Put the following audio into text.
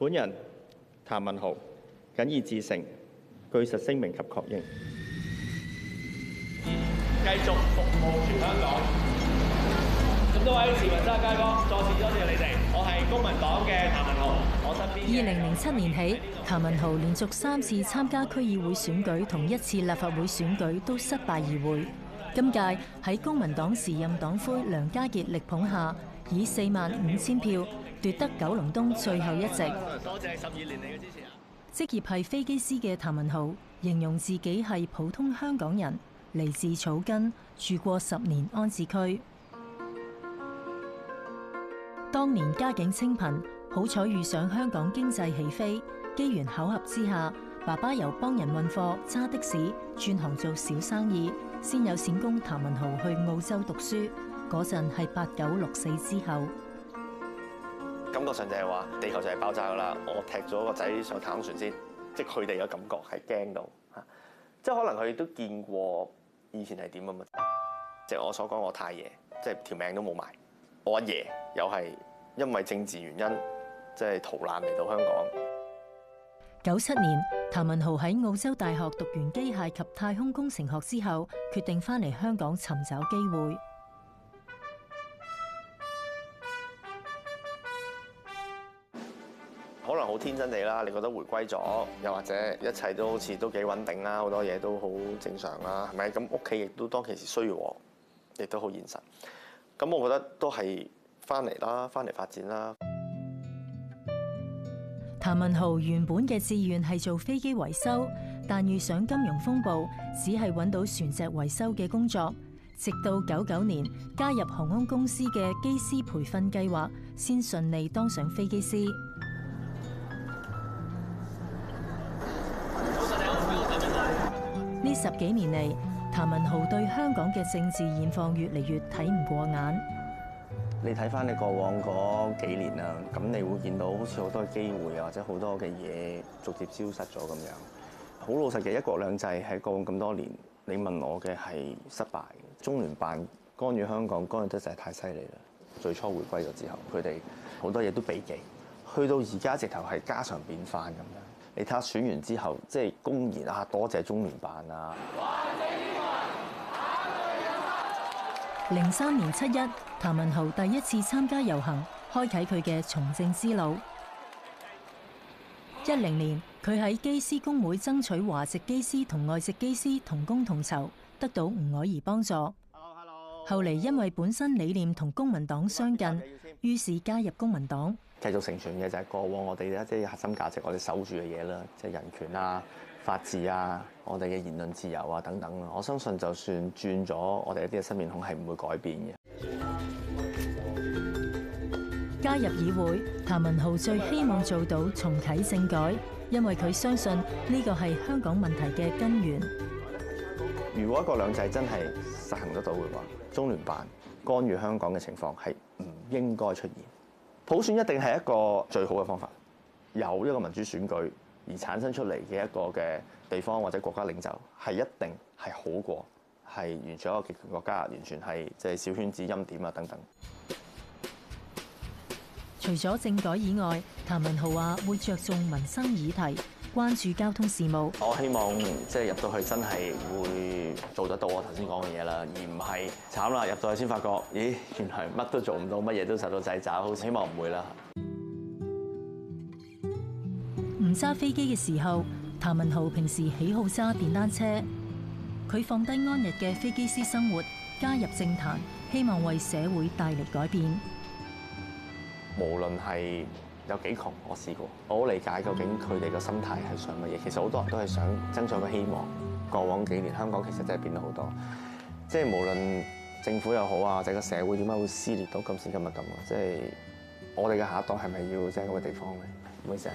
本人譚文豪謹以至誠據實聲明及確認，繼續服務全香港。咁多位市民真係街坊，再次多謝你哋。我係公民黨嘅譚文豪，我身邊。二零零七年起，譚文豪連續三次參加區議會選舉同一次立法會選舉都失敗而回。今屆喺公民黨時任黨魁梁家傑力捧下，以四萬五千票。奪得九龍東最後一席。多謝十二年嚟嘅支持啊！職業係飛機師嘅譚文豪形容自己係普通香港人，嚟自草根，住過十年安置區。當年家境清貧，好彩遇上香港經濟起飛，機緣巧合之下，爸爸由幫人運貨、揸的士，轉行做小生意，先有錢供譚文豪去澳洲讀書。嗰陣係八九六四之後。感覺上就係話地球就係爆炸㗎喇！我踢咗個仔上太空船先，即係佢哋嘅感覺係驚到嚇，即係可能佢都見過以前係點噉樣！即係我所講我太爺，即係條命都冇埋；我阿爺又係因為政治原因，即係逃難嚟到香港。九七年，譚文豪喺澳洲大學讀完機械及太空工程學之後，決定翻嚟香港尋找機會。可能好天真地啦，你覺得回歸咗，又或者一切都好似都幾穩定啦，好多嘢都好正常啦，係咪咁，屋企亦都當其時需要我，亦都好現實，咁我覺得都係翻嚟啦，翻嚟發展啦。譚文豪原本嘅志願係做飛機維修，但遇上金融風暴，只係揾到船隻維修嘅工作。直到九九年加入航空公司嘅機師培訓計劃，先順利當上飛機師。十幾年嚟，譚文豪對香港嘅政治現況越嚟越睇唔過眼。你睇翻你過往嗰幾年啦，咁你會見到好似好多機會啊，或者好多嘅嘢逐漸消失咗咁樣。好老實嘅，一國兩制喺過往咁多年，你問我嘅係失敗。中聯辦干預香港，干預得實係太犀利啦。最初回歸咗之後，佢哋好多嘢都避忌，去到而家直頭係家常便飯咁樣。你睇下選完之後，即係公然啊，多謝中聯辦啊！零三年七一，譚文豪第一次參加遊行，開啟佢嘅從政之路。一零年，佢喺機師工會爭取華籍機師同外籍機師同工同酬，得到吳靄儀幫助。Hello, 後嚟因為本身理念同公民黨相近，hello. 於是加入公民黨。繼續承傳嘅就係過往我哋一啲核心價值，我哋守住嘅嘢啦，即係人權啊、法治啊、我哋嘅言論自由啊等等。我相信就算轉咗我哋一啲嘅新面孔，係唔會改變嘅。加入議會，譚文豪最希望做到重啟政改，因為佢相信呢個係香港問題嘅根源。如果一國兩制真係實行得到嘅話，中聯辦干預香港嘅情況係唔應該出現。普選一定係一個最好嘅方法，有一個民主選舉而產生出嚟嘅一個嘅地方或者國家領袖，係一定係好過係完全一個極權國家，完全係即係小圈子欽點啊等等。除咗政改以外，譚文豪話會着重民生議題。關注交通事務，我希望即係入到去真係會做得到我頭先講嘅嘢啦，而唔係慘啦入到去先發覺，咦原來乜都做唔到，乜嘢都受到掣肘，好希望唔會啦。唔揸飛機嘅時候，譚文豪平時喜好揸電單車。佢放低安逸嘅飛機師生活，加入政壇，希望為社會帶嚟改變。無論係，有幾窮？我試過，我好理解究竟佢哋個心態係想乜嘢。其實好多人都係想爭取個希望。過往幾年香港其實真係變咗好多，即係無論政府又好啊，或者個社會點解會撕裂到今時今日咁啊？即係我哋嘅下一代係咪要即係嗰個地方咧？唔好意思啊。